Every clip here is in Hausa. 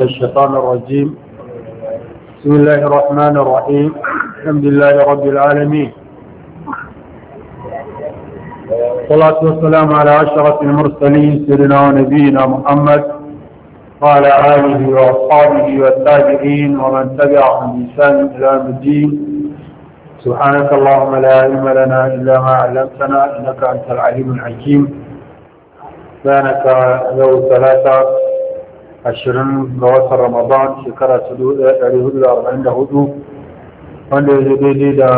الشيطان الرجيم بسم الله الرحمن الرحيم الحمد لله رب العالمين والصلاة والسلام على أشرف المرسلين سيدنا ونبينا محمد وعلى آله وأصحابه والتابعين ومن تبعهم بإحسان إلى يوم الدين سبحانك اللهم لا علم لنا إلا ما علمتنا إنك أنت العليم الحكيم سبحانك ذو ثلاثة ashirin ga watan ramadan shekara ta dubu ɗaya ɗari hudu da arba'in da hudu wanda ya daidai da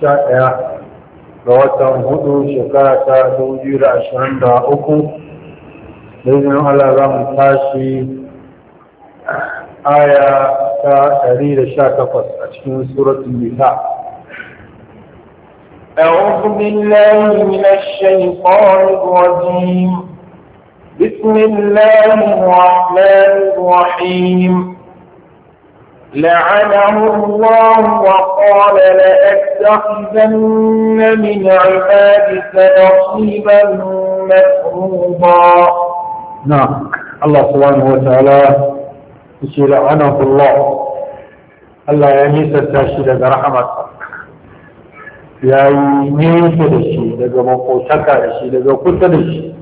sha ɗaya ga watan hudu shekara ta dubu da ashirin da uku da izinin allah za mu tashi aya ta ɗari da sha takwas a cikin suratun nisa أعوذ بالله من الشيطان الرجيم بسم الله الرحمن الرحيم لعنه الله وقال لأتخذن من عبادك نصيبا مفروضا نعم الله سبحانه وتعالى يقول لعنه الله الله يعني ستاشد برحمته ya yi nesa da shi daga الشيء da قلت الشيء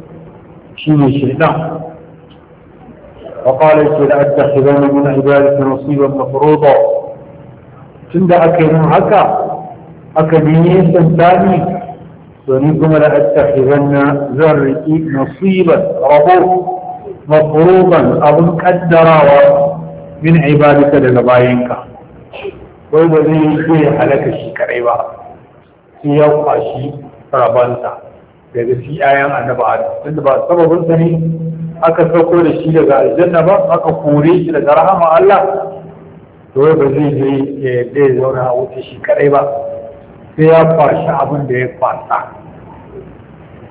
شيء شئنا وقال إذا أتخذان من عبادك نصيبا مفروضا تند أكينون هكا أكاديمية ثاني ونكم لأتخذن ذرئي نصيبا ربو مفروضا أظن كدرا من عبادك لنباينك وإذا ذي يشوي حلك الشكري بها سيوقع شيء ربانتا daga shi ayan annaba adam tunda ba sababin sa aka sauko da shi daga aljanna ba aka kore shi daga rahama Allah to ba zai je ya zai zauna a wuce shi kadai ba sai ya kwashi abin da ya kwasa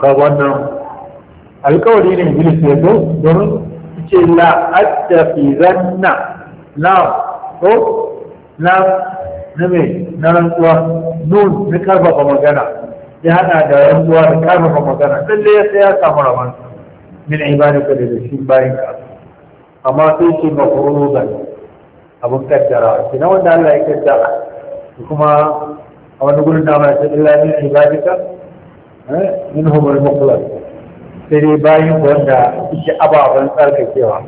ka wannan alkawari ne iblis ya zo don ce la addafizanna na ko na na me na rantsuwa nun na karfafa magana ya haɗa da rantsuwa da karfafa magana lalle sai ya samu rabon min ka da shi bayan ka amma sai ce mafruḍan abun kaddara na wanda Allah ya kaddara kuma a wani gurin da mai illa min ibadaka eh, minhum al-mukhlas sai dai bayan wanda yake ababen tsarkakewa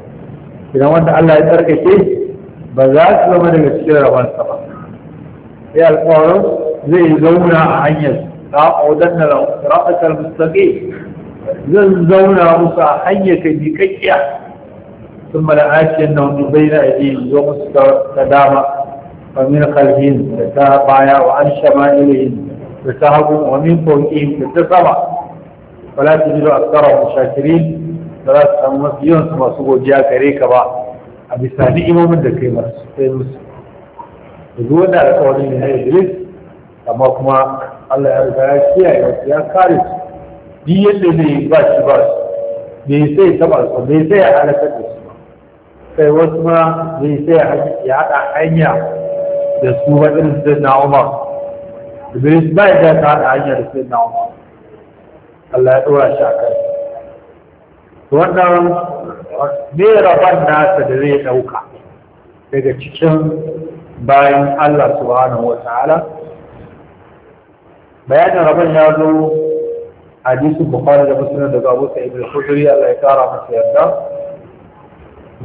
na wanda Allah ya tsarkake ba za su zama daga cikin rabon sa ba sai alƙawarin zai zauna a hanyar لأقعدن لهم صراطك المستقيم zan zauna musu a hanyar ka miƙaƙƙiya sun mala'ashiyar na wani bai na ajiye zo musu ta dama wa min kalbin da ta baya wa an shama ilayin da ta hagu wa min fauƙin da ta sama wala su jiro a tsara mushakirin da za su samu yawan masu gare ka ba a bisa ni'imomin da kai masu kai musu da na idris amma kuma Allah ya riga ya kiyaye wasu ya kare su duk yadda zai ba shi ba su bai sai taba su bai sai ya halakar da su ba kai wasu ma bai sai ya haɗa hanya da su ba irin su na bai su ba ya ta haɗa hanya da su na ba Allah ya ɗora shi a kai wannan me rabon nasa da zai ɗauka daga cikin bayan Allah subhanahu wa ta'ala bayanin rabon ya zo hadisin bukhari da muslim daga abu sa'id al-khudri Allah ya kara masa yarda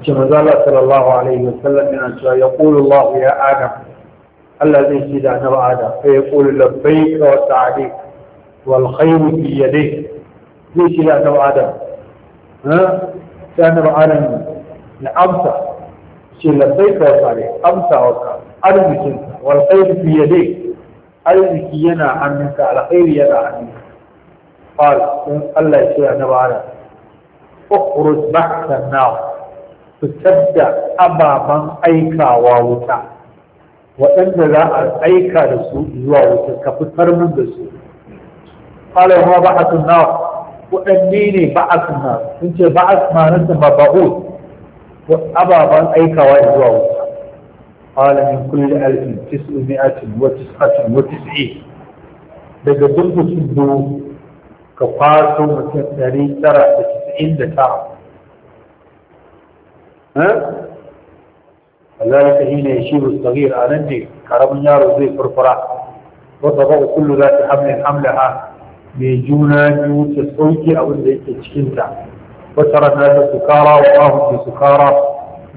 ce manzo Allah sallallahu alaihi wasallam yana cewa yaqulu Allah ya adam Allah zai ce da annabi adam fa yaqulu labbaik wa sa'dik wal khayru fi yadayk zai ce da annabi adam ha sai annabi adam na amsa ce labbaik wa sa'dik amsa wa ka arzikin wal arziki yana hannunka alkhairi yana hannunka qala in Allah ya ce annabi Adam ukhruj bahtan nar fitar da ababen aikawa wuta waɗanda za a aika da su zuwa wuta ka fitar mun da su qala wa ba'athun nar waɗanne ne ba'athun na. sun ce ba'ath ma ba mabahut ababen aikawa zuwa wuta قال من كل ألف تسعمائة وتسعة وتسعين بدأ ضد سدو كفار ثم تسعري ترى تسعين دفاع ها؟ فلذلك حين يشير الصغير أرنجي كرم النار وزي فرفرة وضبع كل ذات حمل حملها بيجونا جوت الصوت أو اللي تشكلتا وترى الناس سكارى وراهم في سكارى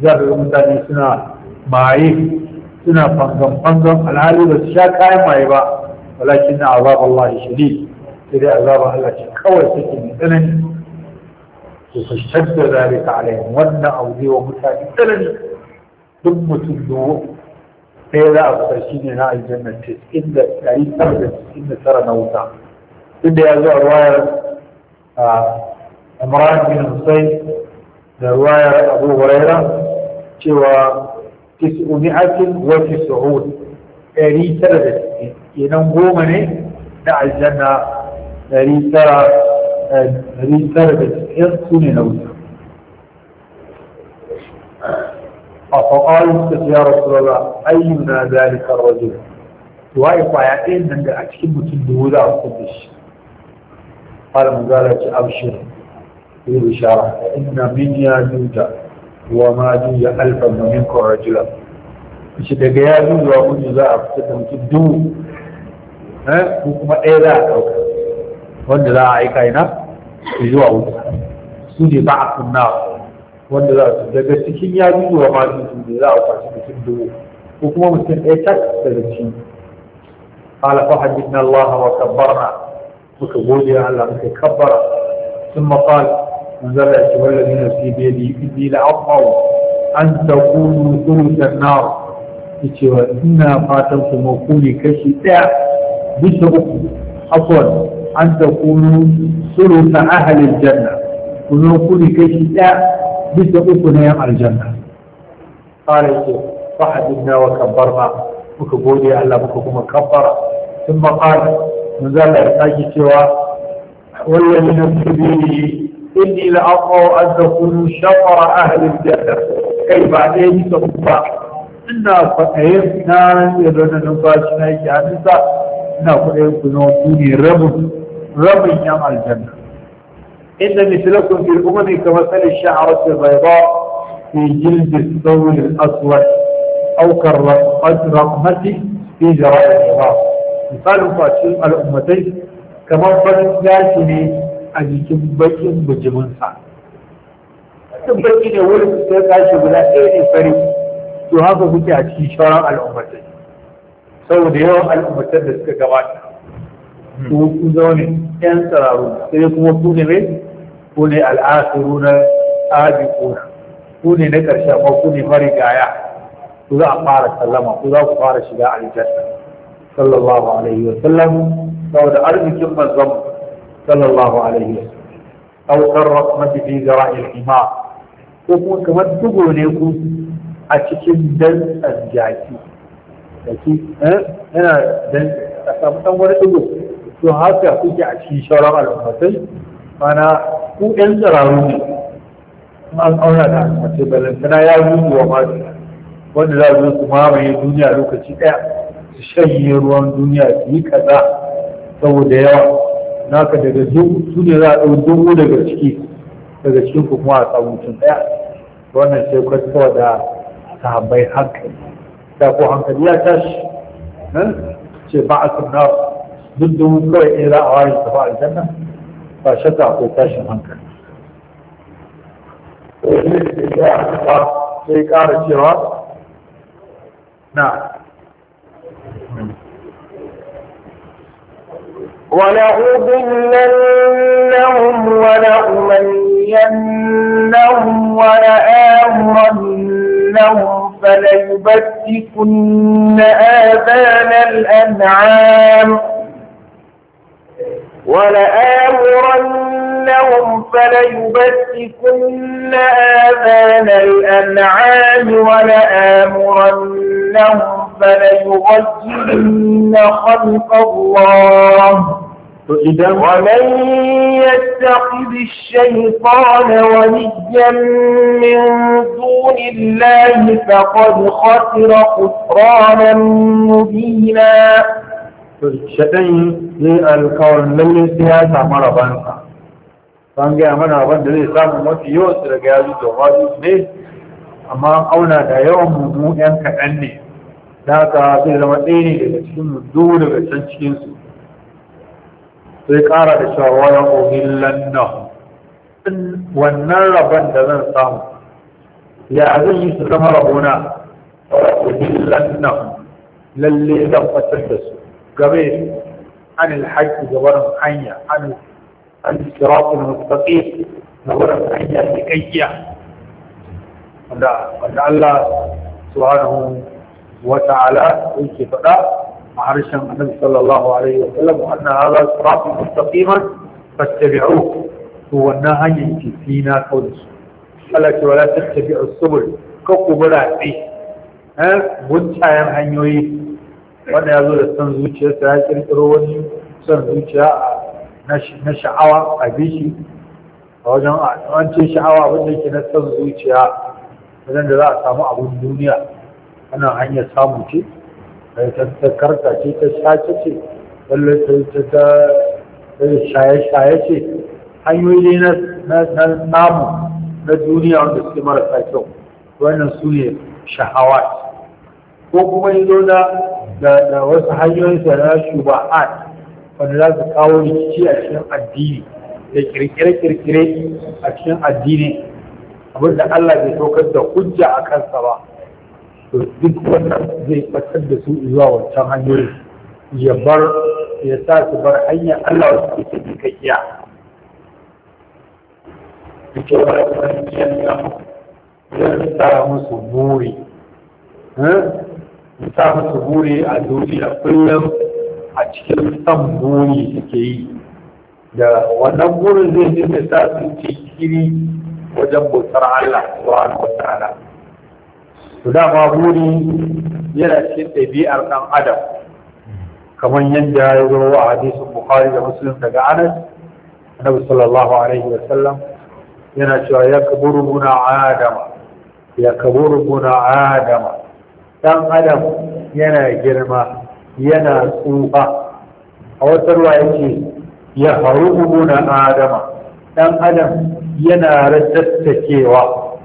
جاء بأمتاني سنان maye suna fangan-fangan alhali ba su sha kayan maye ba walakin na azab Allah shiri sai dai azaba Allah ce kawai suke mai tsanani to ka shadda zalika alaihim wannan aure wa mutane tsanani duk mutum duwo ɗaya za a fitar shi ne na aljanna ce inda ɗari tara da inda tara na wuta duk da ya zo a ruwayar Imran bin Husayn da ruwayar Abu Huraira cewa تسعمائة وتسعون أري سردة ينقوم من الجنة أري سر أري سردة إرسون نوزا فقال يا رسول الله أينا ذلك الرجل وايقع يعين أن أكلمة الدولة أصدش قال مقالة أبشر في إيه الإشارة إن من يا جوجل wa ma juya alfan min rajula shi daga ya zuwa kudu za a fita da mutum dubu eh, ko kuma ɗaya za a ɗauka wanda za a aika ina zuwa wuta su ne ba a kunna wanda za su daga cikin ya zuwa ma juju ne za a kwashi mutum dubu ko kuma mutum ɗaya tak daga cikin قال فحدثنا الله وكبرنا وكبولي على مكبرة ثم قال انزل ايها الذين في بيدي اني لاطمع ان تكونوا ثلث النار يتوى انا فاتنكم وكوني كشي تاع عفوا ان تكونوا ثلث اهل الجنه ونوكوني كشتاء تاع بسرق نيام الجنه قال يتوى فحددنا وكبرنا وكبولي الا بكم كبر ثم قال نزل ايها الذين في بيدي إني لأرى أن تكونوا شطر أهل الجنة كيف عليه تبقى إنا فقهمنا يدون نباشنا جانسا إنا فقهمنا دوني رب رب يام الجنة إن مثلكم في الأمم كمثل الشعرة البيضاء في جلد الثور الأسود أو كالرقمة في جراء الحمار مثال فاشل الأمتين كما فرد ذاتني a jikin bakin bijiminsa sun baki ne wurin sai tashi guda ɗaya ne fari to haka kuke a cikin shawarar al'ummatai saboda yawan al'ummatar da suka gabata su ku zaune yan tsararru sai kuma ku ne mai ku ne al'asiru na abikuna ku ne na ƙarshe amma ku ne marigaya ku za a fara sallama ku za ku fara shiga aljanna sallallahu alaihi wa sallam saboda arzikin manzon صلى الله عليه وسلم أو كالرقمة في ذراع الحمار وكما كما تقول لكم أتكين دل الجاكي أنا دل أسامة ولا تقول to haka kuke a cikin shauran al'ummatai mana ku ɗan tsararru ne in an auna da al'ummatai balantana ya gudu wa masu wanda za su su mamaye duniya lokaci ɗaya su shanye ruwan duniya su yi kaza saboda yawa naka daga su ne za a ɗau dubu daga ciki daga cikin ku kuma a samu mutum ɗaya wannan sai ku kwaskowa da sahabbai hankali da ku hankali ya tashi ce ba a sunna duk dubu kawai ne za a ware ta ba janna ba shakka ko tashin hankali sai ƙara cewa na ولأضلنهم ولأمينهم ولآمرنهم فليبتكن آذان الأنعام ولآمرنهم فليبتكن آذان الأنعام ولآمرنهم فليغيرن خلق الله ومن يتخذ الشيطان وليا من دون الله فقد خسر خسرانا مبينا شدين للقول من يستهاد عمر بانسا فانجا عمر عبد الإسلام الموت يؤسر قياد الزغاد أما قولنا دا يوم مو ينكأني لا تعطي لما ديني لكي من دون sai ƙara da cewa waya uhillan na wannan rabon da zan samu ya zan yi su zama rabona waya uhillan na lalle zan fatar da su game an alhaƙi ga wurin hanya an al-siratul mustaqim na wurin hanya da kakkiya wanda Allah subhanahu wa ta'ala yake faɗa وحرشا محمد صلى الله عليه وسلم وأن هذا صراط مستقيما فاتبعوه هو النهي فينا قدس قالت ولا تتبعوا السبل كقبرة فيه ها بنتايم هنيوي wanda ya zo da son zuciyarsa ya kirkiro wani son zuciya na sha'awa a bishi a wajen wancan sha'awa wanda yake na san zuciya wajen da za a samu abun duniya wannan hanyar samu ce ta karta ce ta shace ce wallon ta shaye-shaye ce hanyoyi na namu na duniya wanda suke marasa kyau wannan su ne shahawa. ko kuma yi zo da wasu hanyoyin sa na shubahat wanda za su kawo rikici a cikin addini da kirkire-kirkire a cikin addini abinda Allah bai saukar da hujja a kansa ba to duk wannan zai batar da su zuwa wancan hanyoyi ya bar ya sa su bar hanyar Allah wasu ke bi ka iya ita ba da kwanciyar nan zai sa musu buri sa musu buri a duniya kullum a cikin san buri suke yi da wannan burin zai dinga sa su ce wajen bautar Allah subhanahu wa ta'ala to dama buri yana cikin ɗabi'ar ɗan adam kamar yadda ya zo a hadisin bukhari da muslim daga anas annabi sallallahu alaihi wa sallam yana cewa ya kaburu guna adama ya kaburu guna adama ɗan adam yana girma yana tsufa a wata ruwa yake ya haru guna adama ɗan adam yana rattattakewa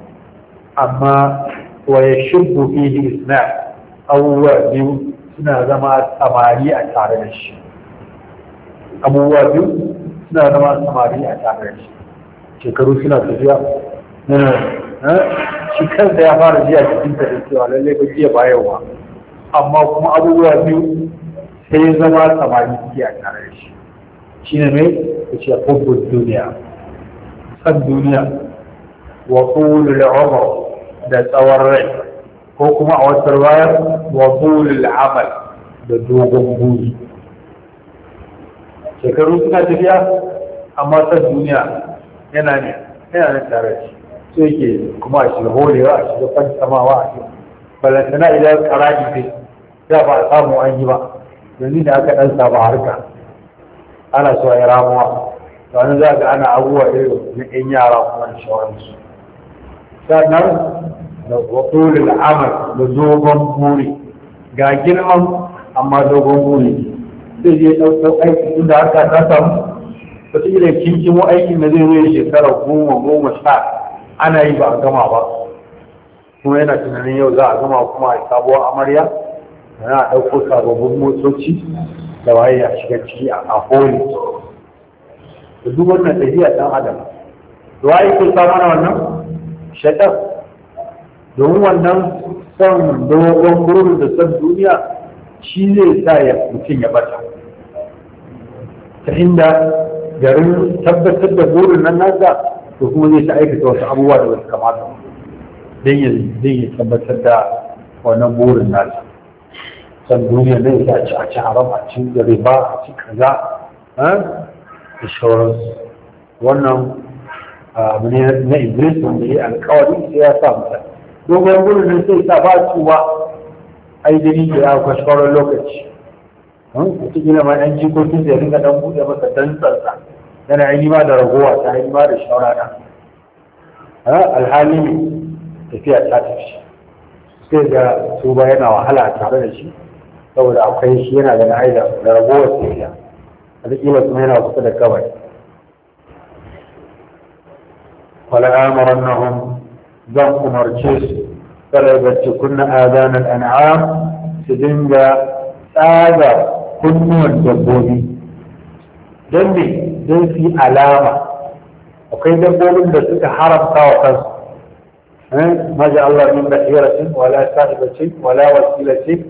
amma wa yashbu fihi isna abubuwa biyu suna zama samari a tare da shi abubuwa biyu suna zama samari a tare da shi shekaru suna tafiya shi kansa ya fara jiya cikin ta da cewa lallai ba jiya ba amma kuma abubuwa biyu sai zama samari suke a tare da shi ne duniya duniya da tsawon rai ko kuma a wasu ruwayar wa bulul amal da dogon buri shekaru suna tafiya amma san duniya yana ne yana nan tare shi su yake kuma a shiga holewa a shiga samawa a shi balantana idan karaji ne za ba a samu an yi ba yanzu da aka ɗan saba harka ana so a yi ramuwa wani za ga ana abubuwa irin na 'yan yara kuma da shawararsu sannan wa tulul amal da dogon buri ga girman amma dogon buri sai je ɗauko aiki inda harka ta samu wata ila kinkimo aikin da zai zai shekarar goma goma sha ana yi ba a gama ba kuma yana tunanin yau za a gama kuma a sabuwar amarya yana ɗauko sababbin motoci da waye a shiga ciki a holi da duk wannan ɗabi'a ɗan adam da waye ko sa mana wannan shaɗar domin wannan son dogon burin da son duniya shi zai sa ya mutum ya bata ta inda garin tabbatar da burin nan nasa to kuma zai ta aikata wasu abubuwa da wasu kamata don ya tabbatar da wannan burin nasa son duniya zai sa ci a ci haram a ci da riba a ci kaza da shawararsu wannan ah, abu ne na iblis wanda ya alkawari sai ya sa mutane dogon gudu ne sai sa ba su ba ai jini ke a kwashkwaron lokaci wata gina ma ɗan jikokin da ya ringa ɗan buɗe masa dan tsarsa yana aini ma da ragowa ta aini ma da shawara. shaurana alhali ne tafiya ta tafi sai ga su ba yana wahala tare da shi saboda akwai shi yana da haida da ragowar tafiya alƙila kuma yana kusa da kabari wala na nahum دمك مرجس فلعبت كنا آذان الأنعام سدنجا آذى كنا الدبوني دمي دم في علامة وكي دبوني بس حرم قوقز اه؟ ما جاء الله من بحيرة ولا سائبة ولا وسيلة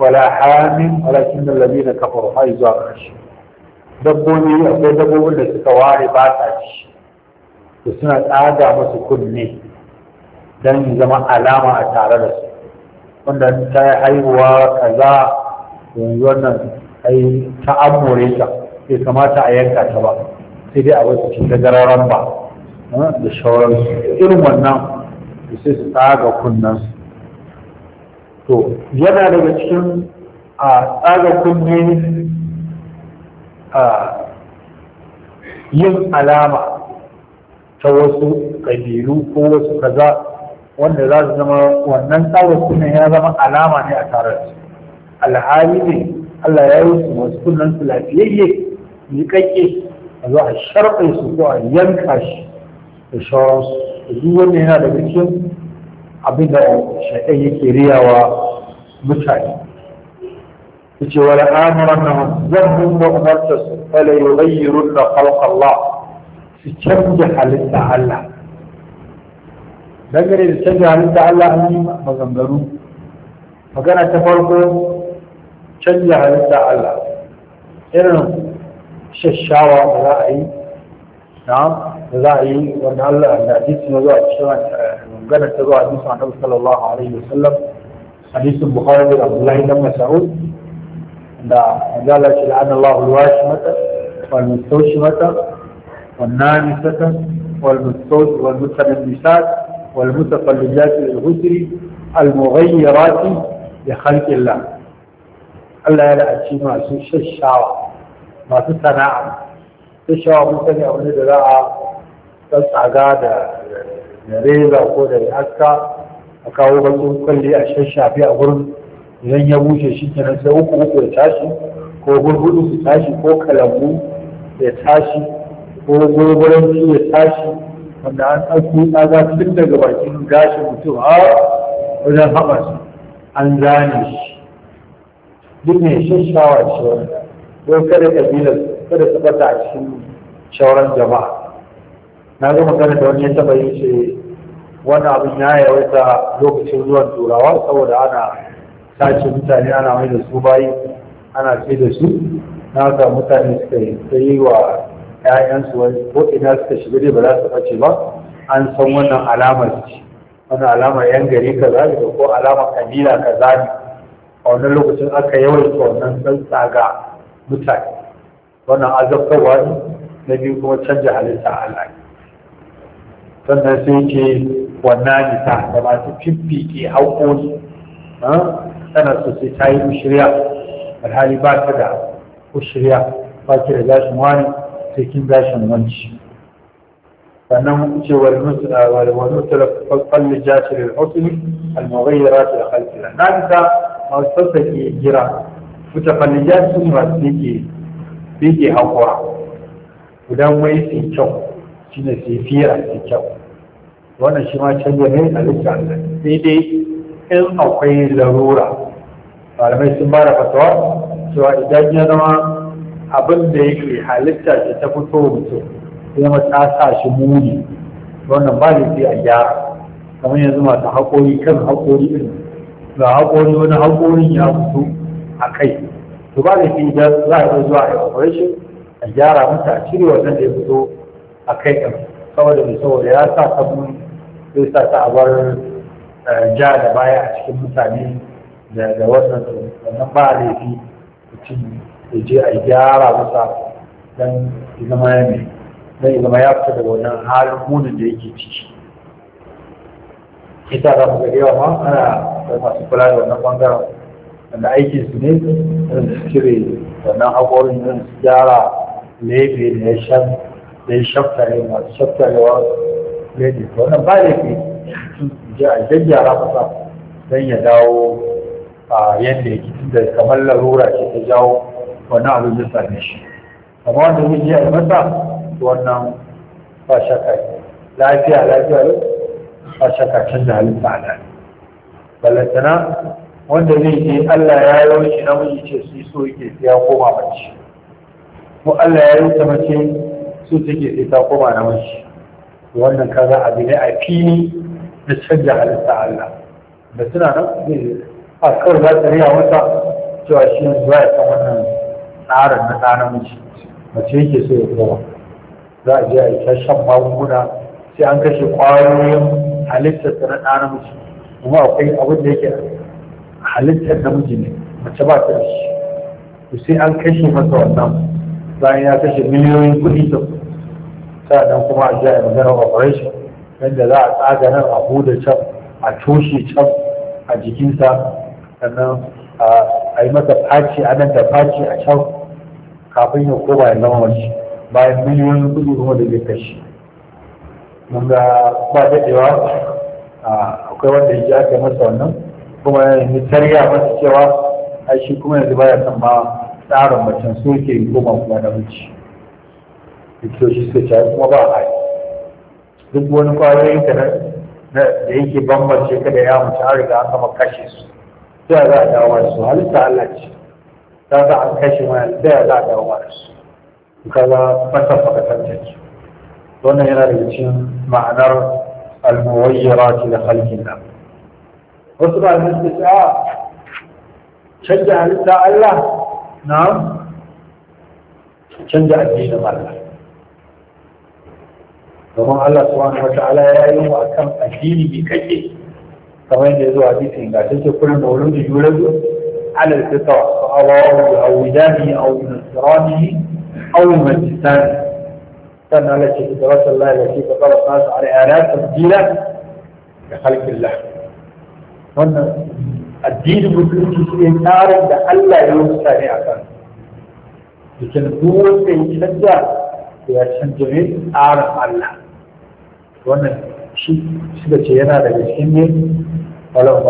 ولا حام ولكن الذين كفروا هاي زارش دبوني أو دبوني بس كواري باتش بس نت آدم وسكني don su zama alama a tare da su wanda ta yi haihuwa kaza yanzu wannan ai ta amure ta bai kamata a yanka ta ba sai dai a wasu ce gararan ba eh, da shawararsu irin wannan da sai su tsaga kunnen to yana daga cikin a tsaga kunne a yin alama ta wasu ƙabilu ko wasu kaza wanda za su zama wannan tsawon sunan ya zama alama ne a tare da su alhali ne Allah ya yi su masu sunan su lafiyayye miƙaƙƙe a zo a sharɓe su ko a yanka shi da shawararsu da duk wanda yana da cikin abin da shaɗan yake riyawa mutane yace wala amuran na zan wa umarta su fala yughayyirun da khalqa Allah su canja halitta Allah dangane da canza halitta Allah an yi maganganu magana ta farko canza halitta Allah irin shashawa da za a yi na da za a yi wanda Allah da hadisi na zuwa cikin magana ta zuwa hadisi a Annabi sallallahu alaihi wasallam hadisi Bukhari da Abdullahi dan Mas'ud da Allah shi la'ana Allah al-washimata wal mustawshimata wan namisata wal mustawsh wal mutanabisat والمتقلبات للغسر المغيرات ya الله ya يلا Allah ya سو masu ما سو صناعة ششاوة مثلا أولي a تسعقا da reza ko da haska a kawo bakin kwalli a shashafi a gurin idan ya bushe shi kenan sai uku uku ya tashi ko gurgudu su tashi ko kalambu ya tashi ko gurguranci ya tashi wanda an ɗauko ɗaga cikin daga bakin gashin mutum a wajen haɓarsa an zane shi duk ne shashawa ce wani don kada ƙabilar kada bata a cikin shawarar jama'a na zo magana da wani ya taɓa yin shi wani abin ya yawaita lokacin ruwan turawa saboda ana sace mutane ana mai da su bayi ana ce da su na ga mutane suka yi wa ƴaƴansu wani ko ina suka shiga dai ba za su ɓace ba an san wannan alamar ce wannan alamar yan gari kaza ne ko alamar kabila za ne a wannan lokacin aka yawaita wannan ga mutane wannan azabtarwa ne na biyu kuma canja halitta Allah sannan sai ke wannan nisa da masu fiffike haƙoƙi tana so sai ta yi ushiriya alhali ba ta da ushiriya ba ki da gashin wani sai kin gashin wanci sannan cewar wani talafafan lijashin al'usuri al-mughayyara ta halkila na fita masu sassake gira mutafan lijashin masu nake bege hakuwa gudan mai sai kyau shi ne sai fiya sai kyau wannan shi ma canza ne a da, sai dai in akwai larura malamai sun ba da fatawa cewa idan ya zama abin da yake halitta da ta fito mutum kuma ta sa shi muni wannan ba da sai a gyara kamar yanzu masu haƙori kan haƙori ɗin ga haƙori wani haƙorin ya fito a kai to ba da sai za a yi zuwa a operation a gyara mata a cire wannan da ya fito a kai ɗin saboda mai saboda ya sa muni zai sa ta a bar eh, ja da baya a cikin mutane da wannan wannan ba laifi mutum ya je a gyara masa don zama ya mai don zama ya fita daga wannan halin munin da yake ciki ita za mu ga yawa ma ana da masu kula da wannan bangaren wanda aikin su ne irin su cire wannan haƙorin irin su gyara lebe da ya shan da ya ne masu wa lebe wannan ba laifi je a gyara masa don ya dawo a yadda da kamar larura ce ta jawo wani abin da same shi amma wanda zai ji albasa wannan ba shakka lafiya lafiya ba shakka canza halin ta'ala balantana wanda zai ke Allah ya yi wani namiji ce su yi so yake sai ya koma mace ko Allah ya yi ta mace su take sai ta koma namiji wannan kaza abu ne a fili da canza halitta Allah da suna nan zai a kawai za ta riya wata cewa shi yanzu ya san wannan tsarin na ɗa namiji mace yake so ya koma za a je a yi ta shan magunguna sai an kashe ƙwayoyin halittar ta na ɗa namiji kuma akwai abin da yake halittar namiji ne mace ba ta da shi to sai an kashe masa wannan bayan ya kashe miliyoyin kuɗi da sa'annan kuma a jiya a yi maganar operation yadda za a tsaga nan a huda can a toshe can a jikinsa sannan a yi masa faci a nan da faci a can kafin ya koma ya zama wani bayan miliyoyin kudi kuma da zai kashi mun ga ba daɗewa akwai wanda ya ji aka masa wannan kuma ya yi tarya masa cewa a shi kuma yanzu baya son ma tsarin macen so ke koma kuma da mace shi suka ce kuma ba a duk wani kwayoyin da yake bambance ka kada ya mace an riga an kama kashe su دابا دوارس وهل تعلق دابا كشمال دابا دوارس وكذا فتفق تنتج دون هنا رجل مع نر المغيرات لخلق الأمر وطبعا المستساء آه. شجع لتا الله نعم شجع الدين الله ثم الله سبحانه وتعالى يا ايها الكم الدين بكيه kamar yadda ya zo a jikin ga take kullum da wurin da yurazu ala alfitra awawu aw widani aw nasrani aw majisani sannan Allah ce fitrat Allah da ke kafa nasu ala ayat tabdila da khalqillah wannan addinin musulunci shi ne tsarin da Allah ya rubuta ne a kan cikin duk wanda ya canja ya canja ne tsarin Allah wannan shi da ce yana daga cikin ne amara,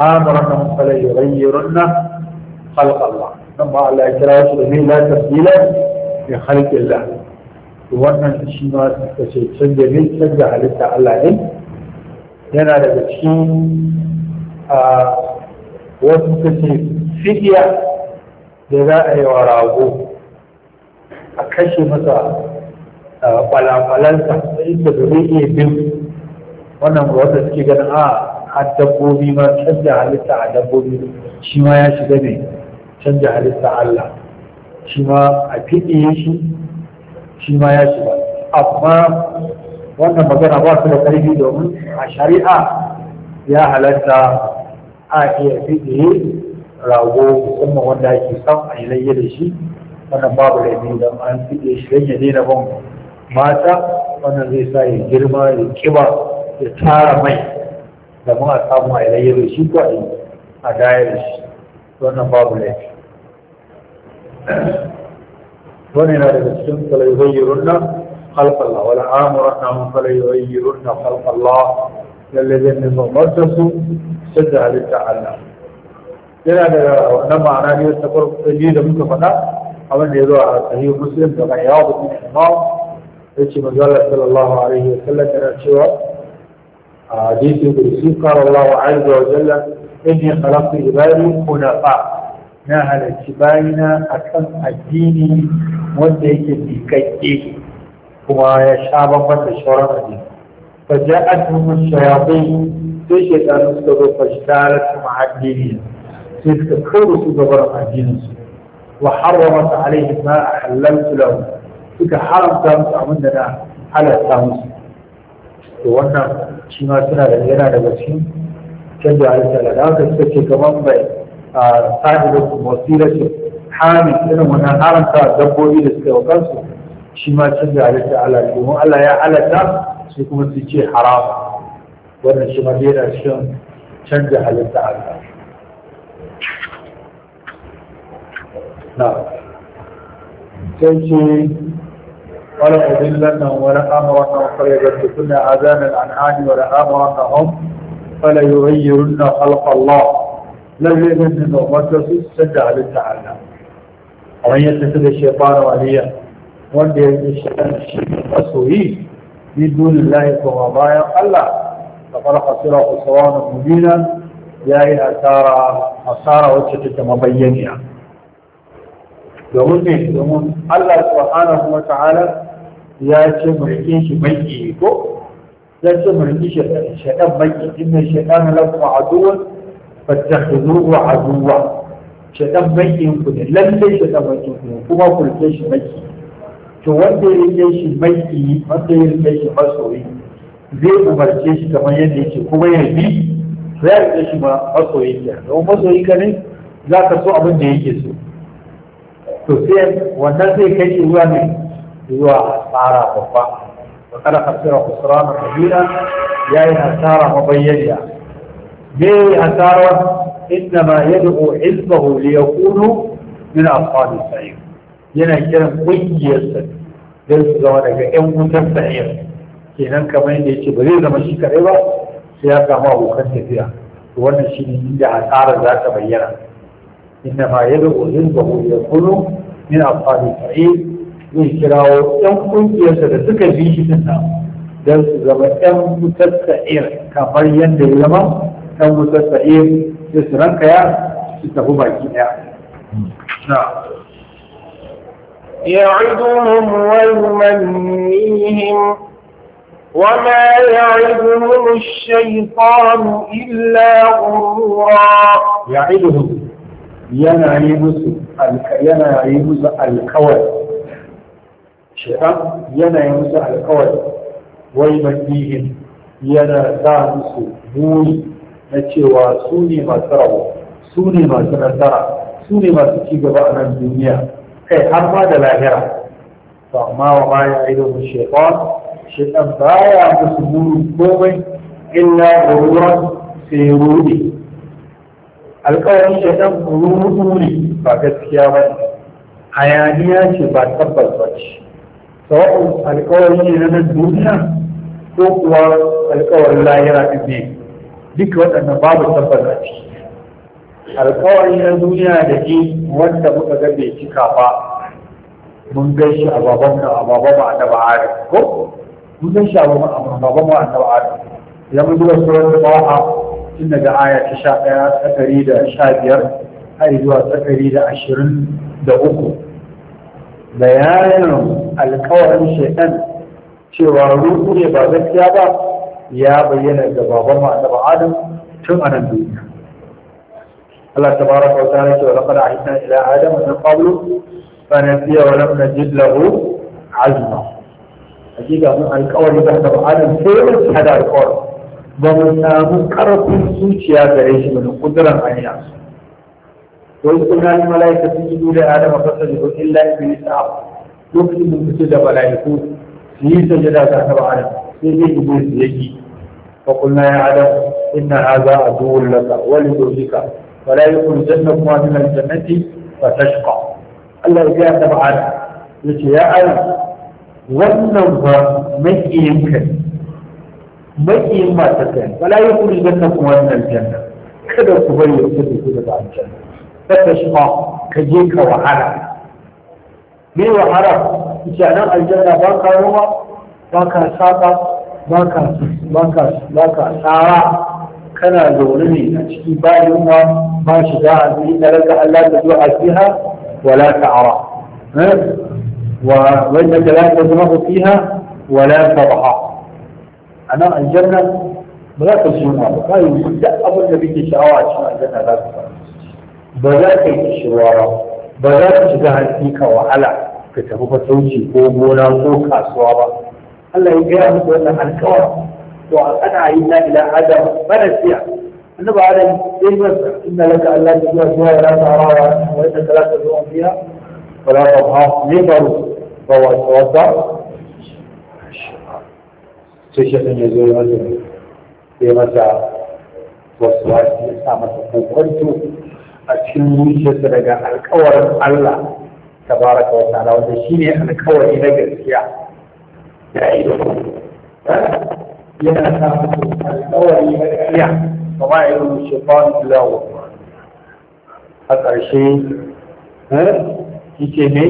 amuran nan falai yughayyirun na khalq Allah nan ba Allah ya kira su da ne la tabdila bi khalqillah to wannan shi ma suka ce canja ne canja halitta Allah ne yana daga cikin wasu suka ce fidiya da za a yi wa rago a kashe masa kwalakwalansa da ita da zai iya bin wannan wanda suke ganin a ah, har dabbobi ma canja halitta a dabbobi shi ma ya shiga ne canja halitta Allah shi ma a fiɗe shi shi ma ya shiga amma wannan magana ba su da ƙarfi domin a shari'a ya halatta a iya fiɗe rago kuma wanda ake son a yi layya da shi wannan babu laifi don an fiɗe shi don ya daina ban mata wannan zai sa ya girma ya ƙiba ya tara mai da mun a samu a ilayyar shi ko a dayar shi wannan babu laifi wannan yana daga cikin falayyarun nan wani halfalla na amuran nan falayyarun nan halfalla lalle zai ne mamar da su sun da halitta Allah yana da wannan ma'ana ne ta farko da muka faɗa abin da ya zo a sahih muslim da kan yawo bin imam yace manzo Allah sallallahu alaihi wa sallam yana cewa حديث قدسي قال الله عز وجل اني خلقت عبادي خلفاء ناهل اتباعنا حكم الدين وديك بكيتي وما يشعب قد شرعني فجاءتهم الشياطين في شيطان استغفر فاشتالت مع الدين تلك كل استغفر مع الدين وحرمت عليه ما احللت له تلك حرم تامس امننا على التامس وانا shi ma suna da yana daga cikin canjin halitta da aka suka ce kamar bai a da masiratu hami irin wani haramta dabbobi da suka yi kansu shi ma canjin halitta Allah domin Allah ya halatta su kuma su ce haram wannan shi ma zai da cikin canjin halitta Allah na sai ce ولا أذلنهم ولا أمرنهم فليبتكن أذان الأنعام ولا أمرنهم فليغيرن خلق الله لذين من أمته سجع للتعالى ومن يتخذ الشيطان وليا وانده الشيطان الشيطان من دون الله فهو ما يقلع فقد خسر خسرانا مبينا يا asara سارة wacce take مبينها يقول ne domin Allah سبحانه وتعالى ya ce mu rike shi baki ko ya ce mu rike shi shaɗan baki inna shaɗan lakum aduwwan fattakhizuhu aduwwa shaɗan baki ku ne lalle shaɗan baki ku ne kuma ku rike shi baki to wanda ya rike shi baki wanda ya rike shi masoyi zai umarce shi kamar yadda yake kuma ya bi to ya rike shi ma masoyi ke don masoyi ka ne za ka so abin da yake so to sai wannan zai kai shi zuwa ne هو سارة غفا وقال خسره خسرانا كبيرا يا إن أسارة مبينة ميري أسارة إنما يدعو حزبه ليكونوا من أصحاب السعير ينا كلام قيسا ليس زمانك إن إيه كنت سعير كينان كما إن يتبرير لما شكر إبا سيارة ما هو خنت فيها وأن الشيء من دعا سارة ذات بينا إنما يدعو حزبه ليكونوا من أصحاب السعير zai kirawo yan kungiyarsa da suka bi shi ta don su zama yan wutar kamar yadda ya zama yan wutar sa'ir sai su ranka ya su tafi baki ɗaya. يعدهم ويمنيهم وما يعدهم الشيطان إلا غرورا يعدهم ينعيبس shaitan yanayin yi musu alkawari wai mafihin yana za musu buri na cewa su ne masu rabo su ne masu nasara su ne masu ci gaba a nan duniya kai har ma da lahira to amma wa ma ya aido mu shaitan shaitan baya musu buri komai illa gururan sai rudi alkawarin shaitan rudu ne ba gaskiya ba hayaniya ce ba tabbas ba ce sawa'un alkawari ne na nan duniya ko kuwa alkawarin lahira ɗin ne duka waɗannan babu tabbas a ciki alkawari na duniya da ji wanda muka ga bai cika ba mun gaishe a baban ka a baban mu annaba adam ko mun gaishe a baban mu annaba adam idan mun duba surat baha tun daga aya ta sha ɗaya tsakari da sha biyar har zuwa tsakari da ashirin da uku bayanin alkawarin shaitan cewa ruhu ne ba gaskiya ba ya bayyana ga baban mu annabi adam tun a nan duniya Allah tabaraka wa ta'ala ce wa laqad ahidna ila adama min qablu fa nasiya wa lam najid lahu azma hakika mun alkawari da annabi adam sai mun hada alkawari ba mu samu karfin zuciya gare shi mun kuduran anya وإن قلنا للملائكة اسجدوا لآدم فسجدوا إلا إبليس أبى lokacin da kuke da mala'iku su yi sajada ta taba adam sai dai iblis ya yi fa qulna ya adam inna hadha aduwwun laka wa li zawjika wa la yakun jannatuka min ba jannati fa tashqa Allah ya yace ya wannan ba makiyin ka makiyin mata kai wa la yakun jannatuka min kada ku bari ku fito daga aljanna فتشقى كجيك وحالة مين وحالة؟ إشعنا الجنة باكا روما باكا ساقا باكا باكا باكا سارا كان دورني أشكي باي روما ما شجاع بإن لك أن لا تدعى فيها ولا تعرى وإنك لا تدمغ فيها ولا تضحى أنا الجنة ملاك الجنة ملاك الجنة ملاك الجنة ملاك الجنة ملاك الجنة ba za ka yi kishiwa ba ba za ka shiga hanci ka wahala ka tafi fasauci ko gona ko kasuwa ba Allah ya gaya musu wannan alkawar to a kana yi na ila adam bana siya annabi adam sai ba inna laka Allah ta zuwa zuwa la ta'ara wa inna la ta'ara fiha wa la ta'ara libaru wa wa tawadda sai shi ya zo ya masa sai masa wasu wasu ya sa masa kokonto a cikin zuciyarsa daga alkawarin Allah ta tabaraka wa ta'ala wanda shi ne alkawari na gaskiya ya yi yana sa mutum alkawari na gaskiya kuma ya yi shaitan lawa a ƙarshe yake eh, ne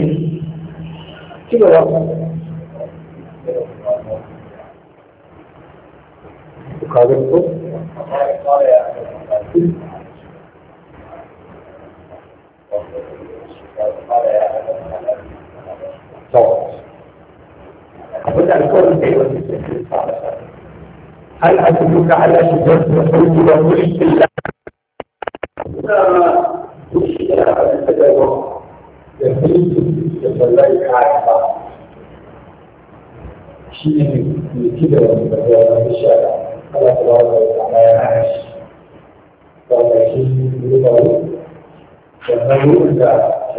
ci gaba Kazan ko? أبدا الكون هل أدلك على شجرة الخلد وملك الله؟ مشكلة على التجربة يخليك يتبلغ عارفة شيء كده في الشارع على الله وتعالى وعلى شيء يقول فهو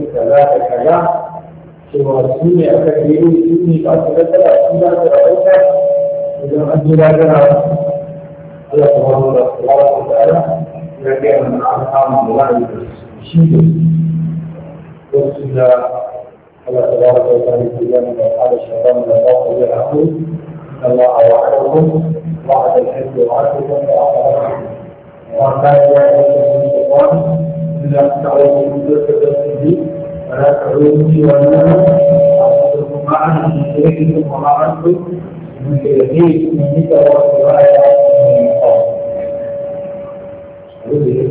في كذا شو رسمي أكثر سني بعد كذا أسمع كذا إذا أجل هذا الله سبحانه وتعالى يرجع من أعمال الله شيء وسنا الله تبارك وتعالى يقول قال الشيطان لله يعقول إن الله وعدكم وعد الحج وعدكم وأخبركم وما كان يعلم من الشيطان إلا ولا تعودي ولا أعبدكم معا من شرككم وما عنكم من شركيكم من مثل وصلاة من قبل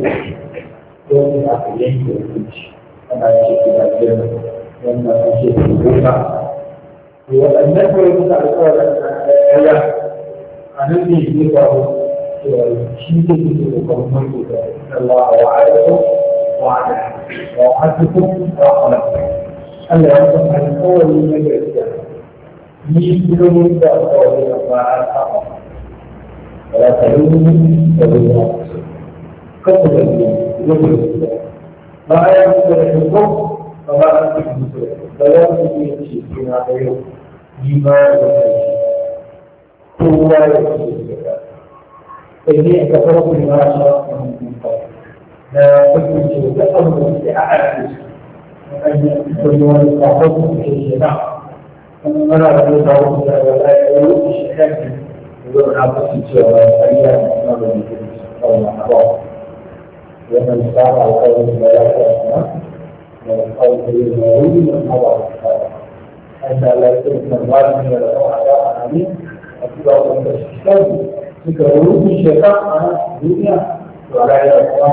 وأنه يمكن أن يقول أن الذي يقول شيء يقول الله وعلمه وعلمه عبدكم وخلقكم ألا يصح القول من يرجع يشكرون بأقوال وفاعل حقا ولا تلومني فبالله كفر الدين وجه ما يمكنكم فما أنتم فلا تجد فيما غيره بما هو يجب أن يكفر بما شاء من قبل لا تكون تقرب لأحد أن يكون الصحابة في الجماعة فمن أراد أن يتعرض ولا يلوك الشهادة يقول عباس أيام الله الله ومن صار على قول الملائكة ومن قول المعين ومن قول حتى لا يكون الظالم ولا هو عداء عليم أكبر من الشيطان ذكر ورود الشيطان على الدنيا ولا يكون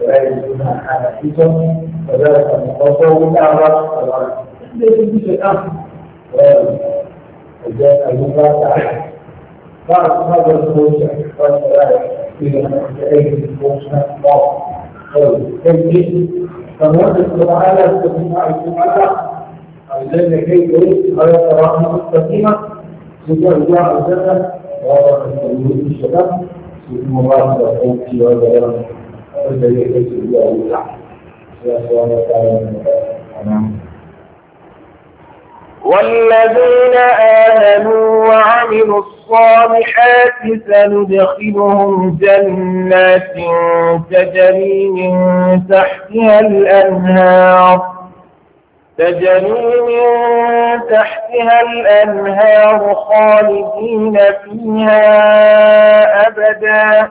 ولا يجدونها حنفيهم وذلك المقصر بالأعراض والأرض ليس في شيء آخر وجاء الله تعالى قال هذا الخروج قال فلا يحتاج إلى أيدي الخروج من الله كيف فمرد تعالى استثناء الجمعة الجنة كيف يريد غير تراهم مستقيمة سوى الله الجنة وهذا الشباب سوى الله وقوتي وغيره والذين آمنوا وعملوا الصالحات سندخلهم جنات تجري من تحتها الأنهار تجري من تحتها الأنهار خالدين فيها أبداً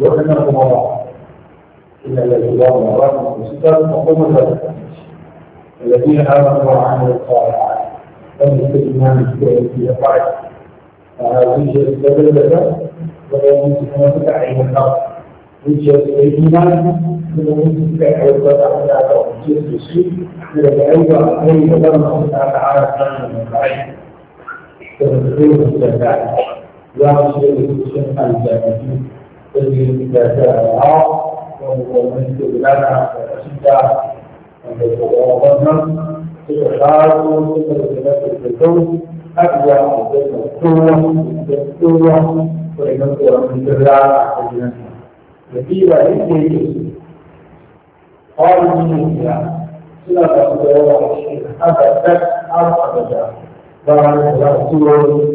وأنه مضاعف إن الذين مرات وستات مقوم ذلك الذين آمنوا وعملوا الصالحات لم يستجمعوا من في قاعدة فهذه الدبلة ولا يمكن تعيين الأرض وجهة الإيمان من يمكن تعيين الأرض على توجيه الشيء من الأيضا أي لما تعالى عن المتعين تنظيم الجزاء لا شيء يسمى الجاهلين الذي إذا جاء العرض وهو مثل لنا الشدة والظلم استشعار صفة الزوج أقوى القوة القوة وينظر من جراء الجنة كثيرة للتجوز قال من الإسلام سنة الله الشيخ أبدا أبدا ضرب رسول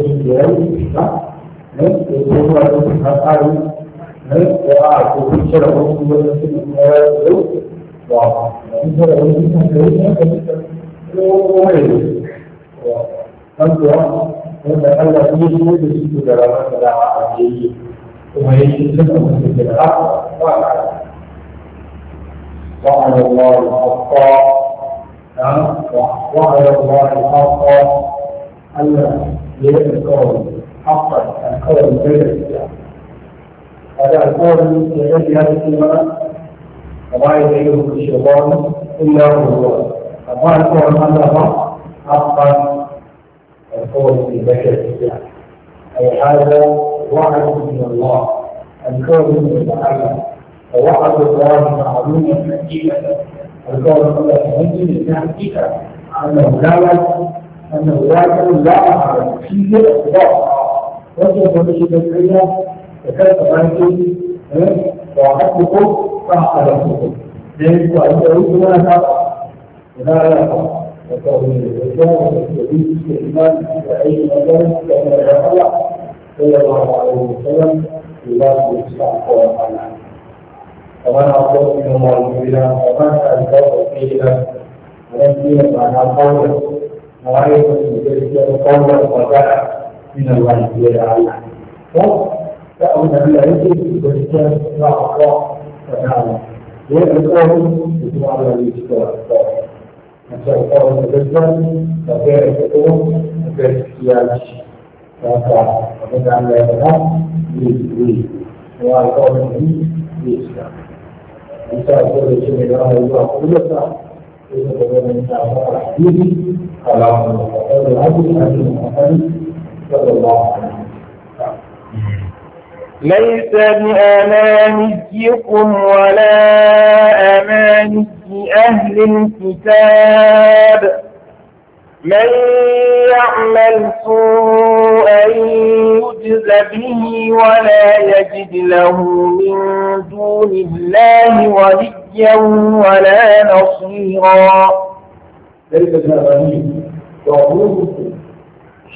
في اليوم nan ke zuwa da su hatsari nan ke a ko kusa wasu wani su ne ya yau wa kusa da wasu su ne ya ka kusa ko mai wa kan kuwa wanda Allah ya yi da su da rama da a yayi kuma ya yi su da wasu da rama ba وعلى الله الحق وعلى الله الحق ألا يذكر حقا الكون غير الاسلام هذا الكون يجري هذا السماء وما يدعيه الشيطان الا هو اما الكون هذا حقا الكون في غير الاسلام اي هذا وعد من الله الكون سبحانه ووعد الله معلوما حقيقه الكون هذا يمكن حقيقه انه لا انه لا لا في الله وجه وليس تدعية فكيف غيري وعدتكم فأخذتكم لأنك أنت أريد ولا تعرف ولا يعرف وتوحيد الرجال وتوحيد الايمان في اي مكان كان يقرا صلى الله عليه وسلم بلا يصلح ويقال ومن اصدق من الله قيلا ومن اصدق قيلا ولم يسمع قولا وعليكم بذلك قولا وجعل من الله جل وعلا فأولى بلا يجب والإنسان يطلع الله تعالى ويقوم بسمع الذي يشتغل نسأل الله تبدا وكيف تكون وكيف تحتاج وقع وقد عمل هذا للتدريب وقوم به للإسلام نسأل كل شيء أن الله قوته إذا تبدا من الله حديثي قال الله تعالى العبد أن المعتمد صلى الله عليه ليس بأمانيكم ولا أماني أهل الكتاب من يعمل سوءا يجز به ولا يجد له من دون الله وليا ولا نصيرا ليس بأمانيكم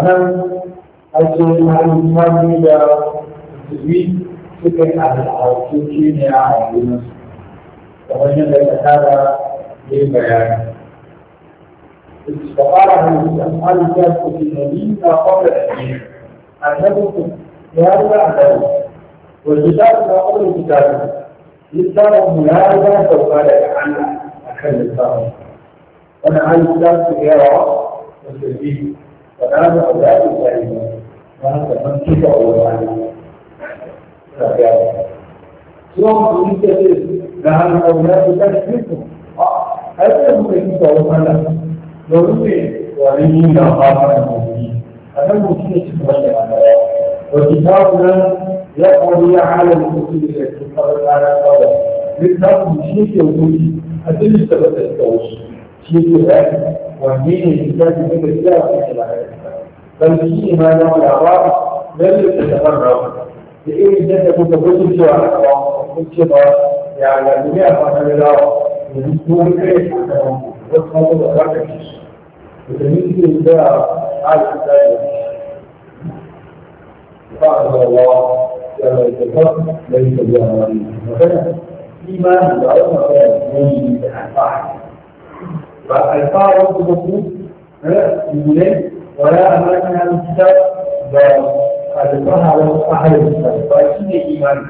أنا أجل معلومات إلى التزويد فكر عن العربيين يا عالمين ومن هذا للبيان فقال عن الكتاب في النبي ما قبل الحديث أنه هذا أعلم والكتاب ما قبل الكتاب لسانه هذا سوف يتعلم أكل لسانه وأنا عن الكتاب في غيره والتزويد فنام أولاد الكريم وهذا من كيف أولاد يوم تريد لها الأولاد تشركهم آه، هذا هو الذي تعلمنا لو رفع ولي خاف المؤمنين هذا المشكلة تتوجه على وكتابنا يقضي على الأصول التي قبل على قبل لكتاب مشيك يوجد أدل ثبت التوجيه شيء ذلك والدين الإسلامي في الإسلام بل فيه ما له العراق لم يتتفرغ لإيه الناس كنت كل شيء على كل شيء يعني جميع الخيرات من دون كيف وتفضل أراك وتميز الإسلام على الإسلام قال الله لما يتفرغ ليس بها مريض مثلا إيمان بعض المكان من فالقاء ربه الولاد ولا امانها الكتاب فالقاها على احد الكتاب طيب، فشنو ايمان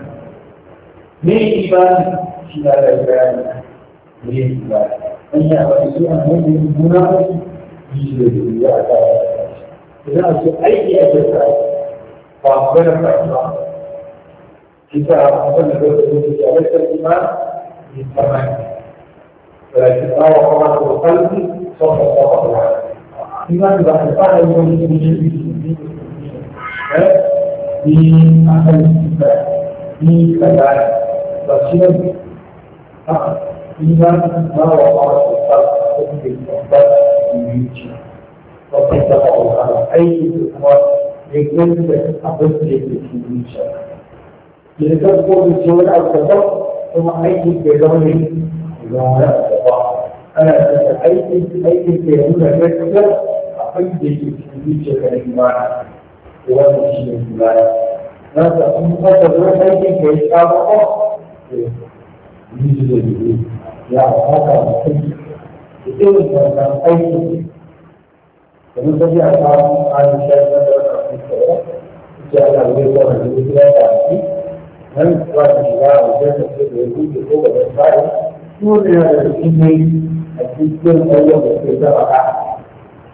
ليه ايمان شنو هذا البيان ليه ايمان ان يعرفوا ان يؤمن هنا يجب إذا أي أجل فأخبر الإسلام كتاب أخبر الإسلام الإيمان أخبر ولكن روى قرآن قلبي صلى الله عليه وسلم إمام بحر قال المسلمين في أهل الكتاب في كذلك بشير إمام ما وقع في الصحبة وصدق الله أي الأمر يجب أبدا يجب إذا كان كل شيء أو كذا ثم أي بلغة بلغة ayat ayat yang kedua kita apa yang dia cuci dari mana dalam musim bulan. Nada semua terus ayat yang kedua apa? Musim bulan. Ya, apa musim? Itu yang ayat ini. Kalau saja apa yang saya katakan itu, jangan lebih orang lebih tidak pasti. Nanti kalau kita ada sesuatu yang kita boleh buat, kita boleh buat. Kita boleh buat. الجزء الاول في الدرجه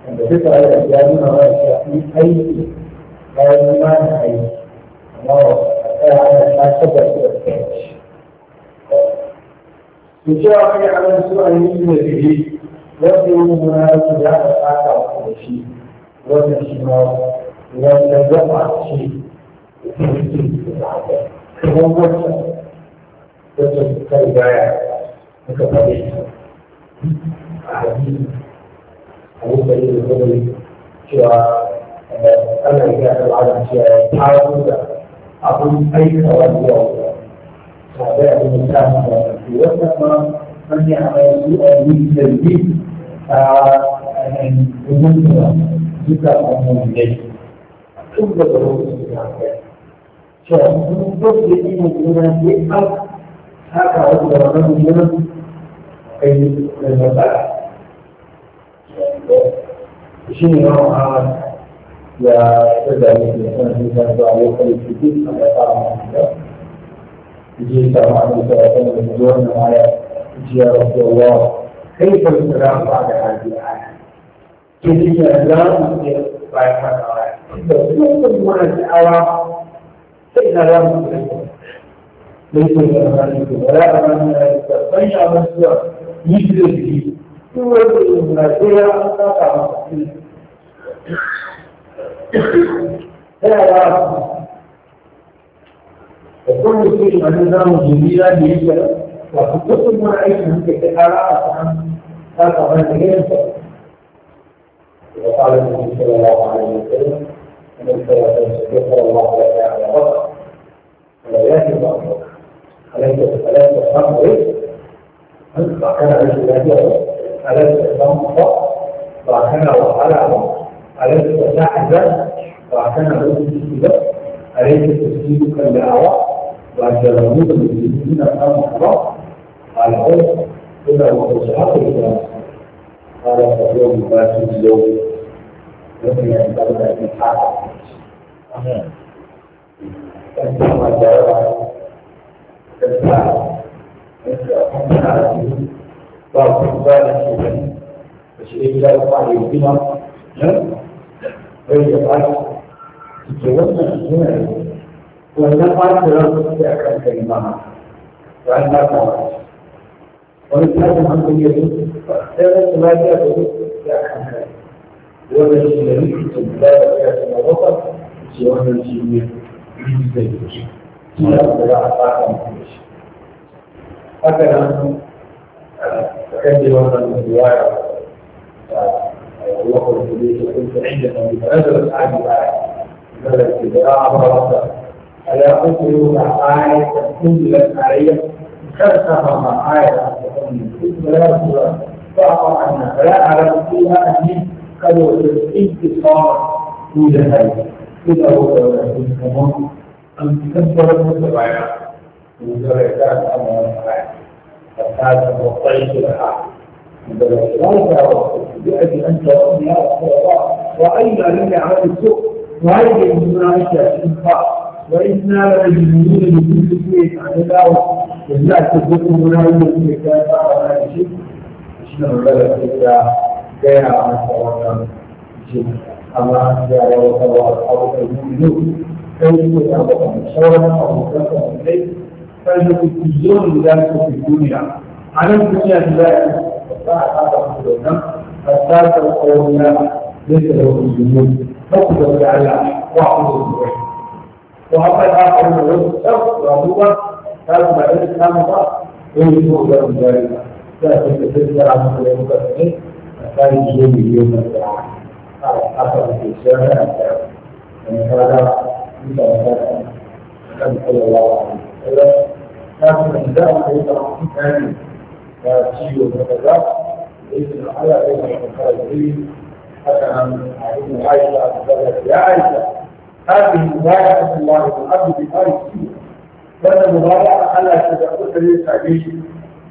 عند ذكر الاسلامين والشافعي اي لا يمان اي الله تعالى ما سبق والكاش يشاء على سؤال مثل به وفي هناك لا أفعال كل شيء وفي الشمال وفي الوقع شيء هو وجه وجه كالبايع وكفريق حديث أبو سعيد الخدري cewa ana yi a al'ada cewa ta rubuta abin aikawa zuwa wuta ta da abin da ta fi da ƙarfi wata ma wani a mai su a yi da yi a gudun da duka abubuwan da yi tun da da rubuta da ta cewa sun gudu da yi mai gina ne a haka wanda wannan gina kai للمسألة شيء نوعا يا سيدة مثل أن يكون ضعيف الكتير من يقع يجي سمع بسرعة من دون معايا يجي يا رسول الله كيف السلام بعد هذه الحالة؟ كيف الإسلام بعد هذا فإن لا مسلم ليس من أمانكم ولا أمان من أن تستطيع من سوى yi da jiki duk wanda ya mura sai ya saka masa cikin tsayawa da kuma mutum a nan zamu jimila da yake wasu kusur mana aikin muke ta kara a kan saka mana da yansa وقال النبي صلى الله عليه وسلم من صلى الله عليه وسلم ولا يجب ان عليك الصلاه والصبر فكان الاجتهاد ألست تنقى وكان وعلى ألست تحزن وكان بالنسبة أليس تسجيلك الأعوى وجلبوك بالمسلمين تنقى العلم إلا وتصحاب الكلام قال فاليوم ما في اليوم يوم ينبغي أن يتحقق أنت ما جرى أنت babu ba da ke gani da shi ne gida ba da yi ma bai da ba ke wannan suna ne wannan ɓata ran da aka kai ma ba na kawo wani tashin hankali ya zo sai ran su lafiya da zo da aka kai wannan shi ne rikicin da ya kai su na bakwai ce wannan shi ne rikicin da ya ke shi ne da za a fara mutum da shi هكذا تكفي وزن الرواية وقل الحديث وكنت عندما بتنزل عن من الابتداء عبر ربك ألا أقول آية أنزلت علي خلفها مع آية ثم لا يقول فأقر عنها فلا أعلم فيها أني قد وجدت انتصار في ذهبي إذا هو كمان أن تكبر المتبعات مدرسات أمامها فقال وقعت لها بأبي أنت وأمي يا رسول الله وأين لنا عن السوق وأين من عائشة الإنفاق وإنا لمجنون بكل شيء عن الله ولا تكون من عائشة الإنفاق على شيء شنو بلد إلا غير عن صلاة أما يا رسول الله أو المؤمنون كيف يتعبد من شورى أو مكافأة من فانكم تجزون ذلك في الدنيا عن الدنيا لا حتى القومية ليس له في الجنود فقد تعالى وحفظ الوحي وأما الآخر من الوحي وهو يعني كان بعد الإسلام ويجب لهم ذلك تأتي تتذكر عن كل مكتبين فكان يجب اليوم الدعاء على حسب الإشارة أن هذا من صلى الله عليه وسلم كان من ذلك أيضا في ثاني كشيء وكذا بإذن الله أيضا من خرجه حتى عن عائشة يا عائشة هذه مبايعة الله والعبد بقال السيرة كان مبايعة على شبكة للتعليش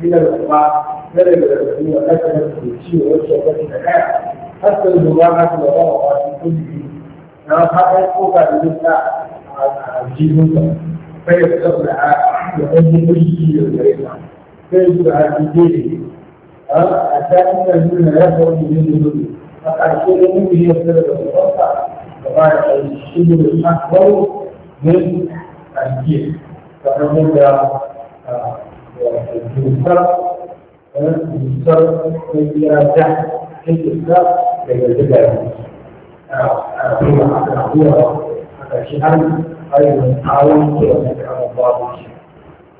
من الأطباع من الأطباع والأسنة الشيء والشبكة الحياة حتى المبايعة لله في كله نعم هذا يقول بعد ذلك jininsa sai ya tsabla a da wani mulki da gare ta sai su a jide ne a tsakin da suna ya kawo ne da zuwa a ƙarshe da mutu ya tsira da kwanfa da ba ya kai shi ne da akwaro ne a jiye kamar yadda jinsar jinsar sai ya ja sai ya sa daga zuwa a kuma a kuma ƙarshe har ayyukan tsawon ke wannan kamar babu shi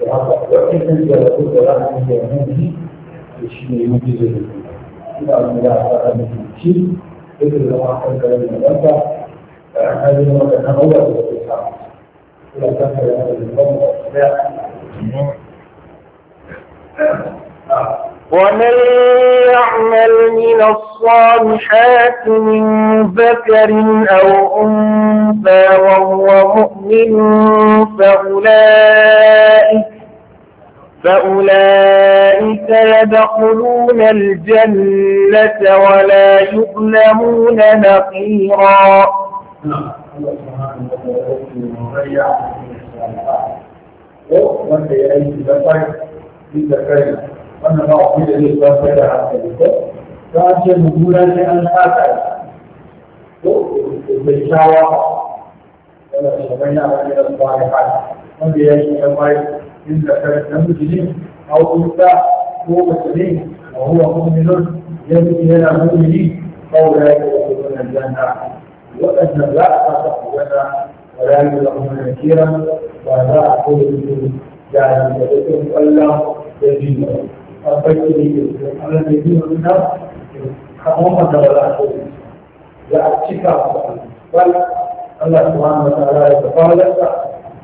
da haka wajen kan jarabu da za a yi da wannan shi to shi ne yi gizo da ina wani da a tsara mutum shi duk da zama kan garin da wanda da an kaji na ومن يعمل من الصالحات من ذكر أو أنثى وهو مؤمن فأولئك فأولئك يدخلون الجنة ولا يظلمون نقيرا وَمَنْ يَعْمَلْ مِنَ الصَّالِحَاتِ wannan ba wani da zai kwantar da hankali ko za a ce mummuna ne an sata shi ko bai shawa ba wanda shugaban yara ne da kuma ya fata wanda ya shi yan bayi inda kare namiji ne a wuta ko mace ne a huwa mu'minun yanzu yana mu'mini kawai ya ke da wannan janna waɗannan za a fata a wannan ولا يلقون نكيرا ولا أقول لكم جعل الله يدينه barci ne ke zuwa Allah ne biyu wani na kamar wanda ba za a cika Allah su hana wata ala da fahalarsa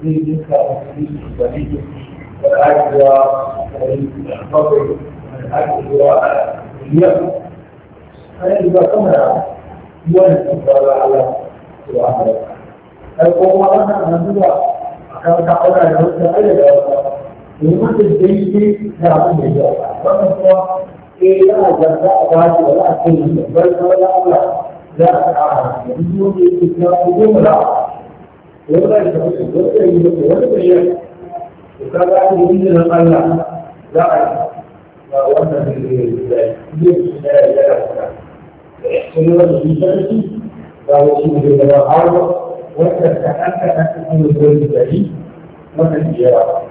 zai cika wa su su da ne da ajiyewa da yi bakwai da ajiyewa a biyar hanyar da kama a Allah su hana wata. Ai, kuma wannan na zuwa a kan kakwada da wata ومن البيت كان يجاوب لا جزاء واجب ولا قيمة بل ولا أولى لا تعالى بدون الإسلام جملة ولا يشرك ولا يشرك ولا يشرك وكان عنده من القلة لا أعلم ما وصل يحصل له في شركه فهو يشرك بالله وتستحق أن تكون البيت بعيد ومن جاره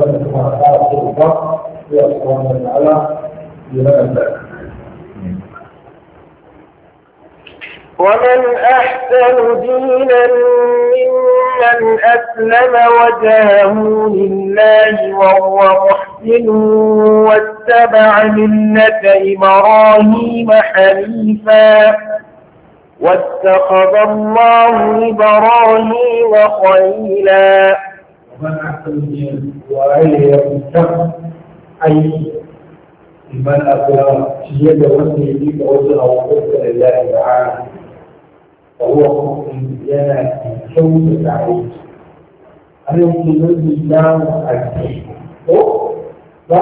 ومن أحسن دينا ممن أسلم وجهه لله وهو محسن واتبع ملة إبراهيم حنيفا واتخذ الله إبراهيم خليلا mana ne waye ya fita aiki liman akula fiye da wanda ya miƙa wasu a wasu da lillahi ta'ala wa huwa yana kyautata aiki har yanzu yanzu namu aiki ko ba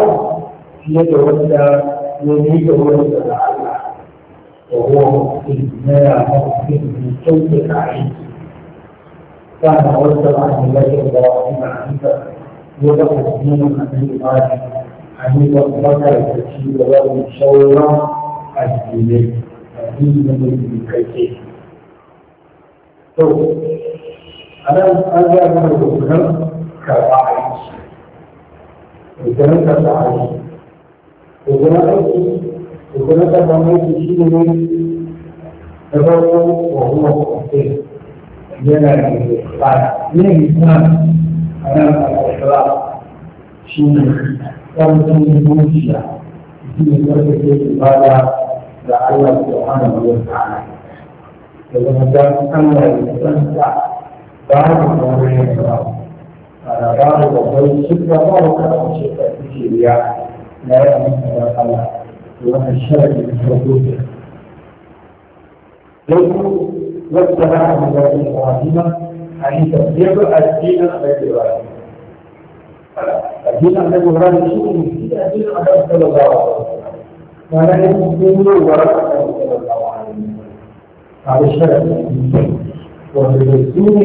fiye da wanda ya miƙa wasu da Allah wa huwa yana kyautata aiki كان موسل عن الله إبراهيم حنيفا يدعو الدين عن الإيمان حنيفا ذكر التشهير وله شورى الدين الدين من الكيسين أنا أنا من الوكرة كفاعل وكرة كفاعل وكرة أيضا وكرة كفاعل شيء من وهو مقتل yana da ba ne islam a nan al'adara shi ne ƙarfin zuciya shi ne ƙarfin ke ibada da Allah subhanahu wa ta'ala da zama da Allah ya tsanta ba da kawai ya ba a ba da kawai shi ba da kawai shi ba shi ne ya na yi amince da Allah wannan sharadi na ta. والسلام على إبراهيم حنيفا يبقى الدين على إبراهيم الدين على إبراهيم شو من الدين غير صلى الله عليه وسلم وانا يمكن ورقة صلى الله عليه وسلم هذا الشرع وبالرسول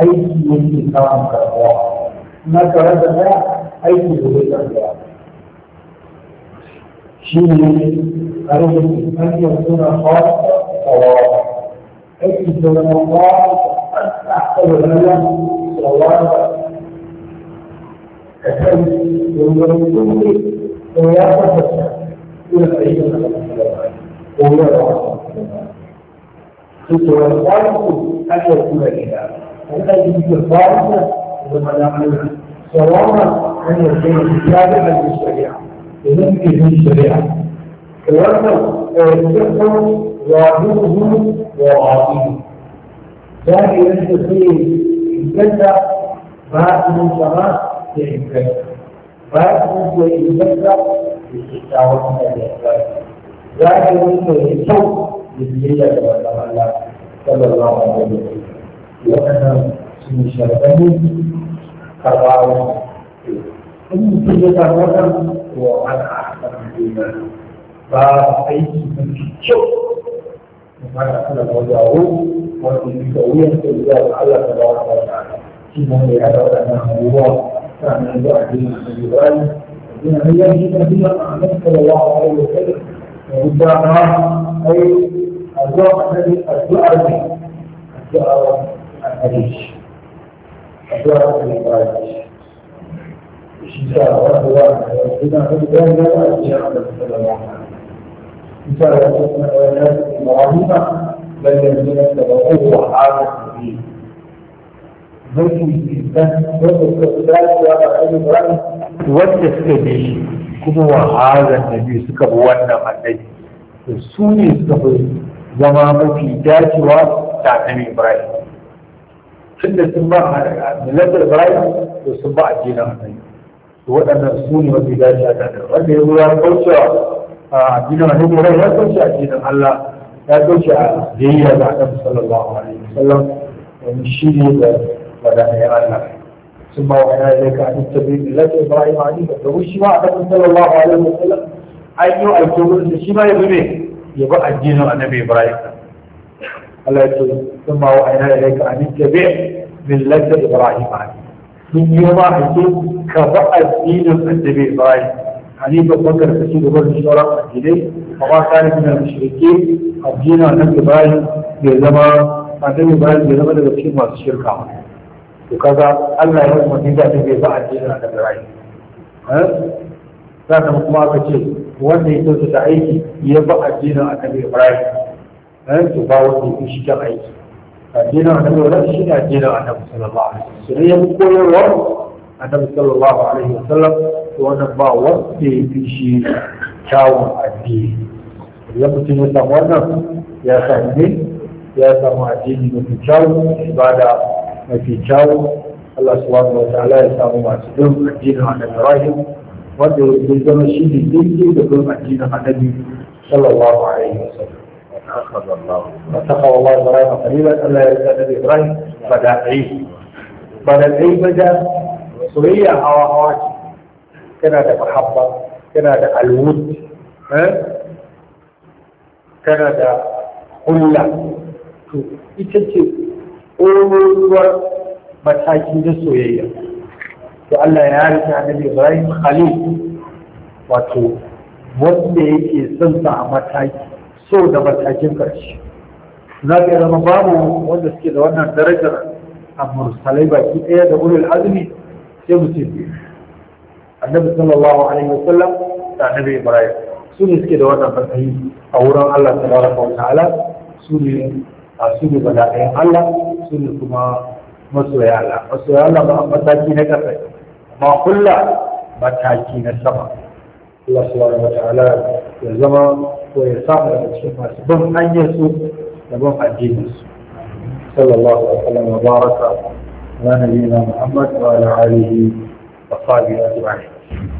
أي من إقام الله ما كرهت تردنا أي من الله شيء أن يكون خاصة صواب أجل من الله أحسن لنا صلى الله عليه وسلم أكثر من يوم ويأخذ إلى بعيد وهو الرحمة فهو الخالق أن يكون إله ولا يجوز الخالق لما نعمل صوابا أن يكون تابعا للشريعة ويمكن الشريعة الرجل الشخص وعدوه وعاطيه ذلك يجب فيه الجنة بعد من في الجنة بعد من في الجنة الاستعوام ذلك يجب الشوق للجنة والله صلى الله عليه وسلم وأنا من شرفني أربعة في كل تجد الرجل هو أحسن من ba aiki mafi kyau kuma ana kana da wani abu wanda ya ga wuyan da ya ga Allah ta ba wa ta'ala shi ne ya ga wannan abubuwa sannan da addini da ibadi من هي النبي صلى الله عليه وسلم وعندما أي الدعاء الذي الدعاء الدعاء الحديث الدعاء الحديث إن شاء الله ربنا ربنا ربنا ربنا ربنا ربنا بسبب حسن وناس ابراهيم بل الذين سبقوه وحاق به ذكر الانسان ذكر الاستقبال وابراهيم والتسبيح كما هذا النبي سكب وانا النبي السوني سكب zama mafi dacewa da annabi Ibrahim tunda sun ba milatar Ibrahim to sun ba addinin annabi to waɗannan su ne mafi dacewa da annabi wanda ya zo ya kaucewa addinin annabi rai ya kauce addinin Allah ya kauce a biyayya ga annabi sallallahu alaihi wasallam wani shiri da wadannan Allah ثم وحنا إليك أن تتبعي ملة إبراهيم عليه فوش ما أعلم صلى الله عليه وسلم أن يؤكدون تشيما أيوة، أيوة. يبني يبقى الدين النبي إبراهيم الله يقول ثم وحنا إليك أن تتبع ملة إبراهيم عليك من يوم أحسن كفأ الدين النبي إبراهيم علي بن بكر فسيد بن الشورى الجدي وما كان من المشركين الدين عن ابراهيم بزما annabi bayan bai zama daga cikin masu shirka ba to kaga Allah ya kuma dinga da bai ba addinin da bai eh za ka kuma aka ce wanda ya tsotsa aiki ya ba addinin annabi Ibrahim eh to ba wanda ya shi aiki addinin annabi Ibrahim shi addinin koyarwa wannan ba wanda ya fi shi kyawun addini idan mutum ya samu wannan ya samu ne ya samu addini mafi kyawun ibada mafi kyawu. Allah subhanahu wa ta'ala ya samu masu bin addinin annabi Ibrahim wanda ya zama shi ne daidai da don bin addinin annabi sallallahu alaihi wasallam أخذ الله واتقى الله إبراهيم قليلا ألا يلقى النبي إبراهيم بدأ عيد بدأ عيد بدأ سوريا hawa هوا kana da mahabba kana da alwud kana eh? da hulla to ita ce ƙoruwar mataki na soyayya to Allah ya rike annabi Ibrahim Khalil wato wanda yake son sa a mataki so da matakin karshe za ga zama babu wanda suke da wannan darajar a mursalai baki ɗaya da ulul azumi sai mutum biyu annabi sallallahu alaihi wasallam da annabi ibrahim su ne suke da wannan matsayi a wurin Allah tabaraka wa ta'ala su ne a su ne balaɗayan Allah su ne kuma masoya Allah masoya Allah ba mataki na ƙasa ba kulla mataki na sama Allah subhanahu wa ta'ala ya zama ko ya samu da cikin masu ban hanyar su da ban addinin su sallallahu alaihi wa sallam wa baraka على نبينا محمد وعلى آله فقال يجب عليه